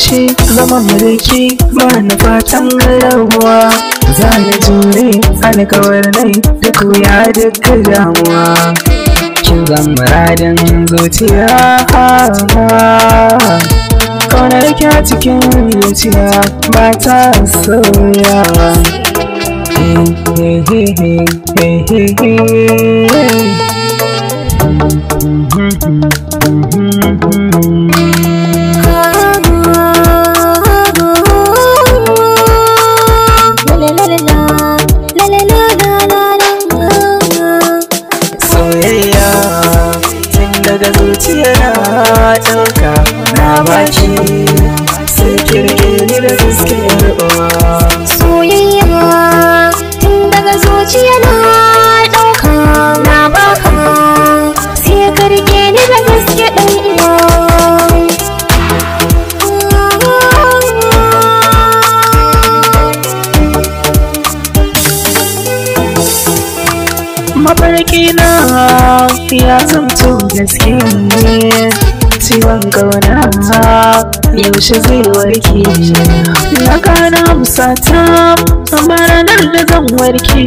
ƙarshe zaman mulki mana fatan rayuwa za na jure kawar nai duk wuya duk damuwa kin zan muradin zuciya kaunar ki a cikin zuciya ba ta sauyawa Hey, hey, hey, hey, hey, hey, hey. zuciya na ɗauka na baki sai kirkiri da suke rubawa soyayya mafarki na ya zamto gaske ne ciwon gauna yaushe zai warke na gana musata amma ranar da zan warke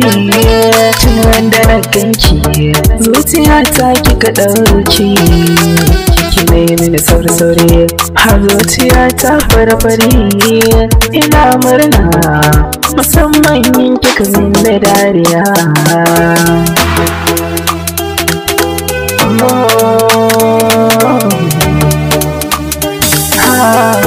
tunan wanda na ganki zuciya ta kika ɗauki kina yi mini sauri-sauri har zuciya ta fara-fari ina murna musamman yin kika dariya oh, oh, oh. Ah.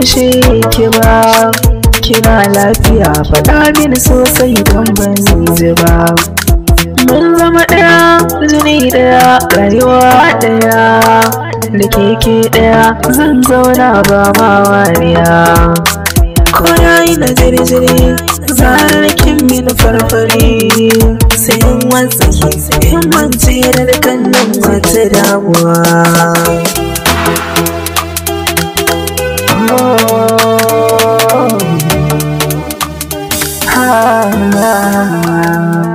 kushe kira kira lafiya faɗa mini sosai don ban ba mun zama ɗaya jini ɗaya rayuwa ɗaya da keke ɗaya zan zauna ba ma wariya ko yayi na jirjiri zarar kin mini farfari sai in watsa in mance da nan wata damuwa oh, oh, oh.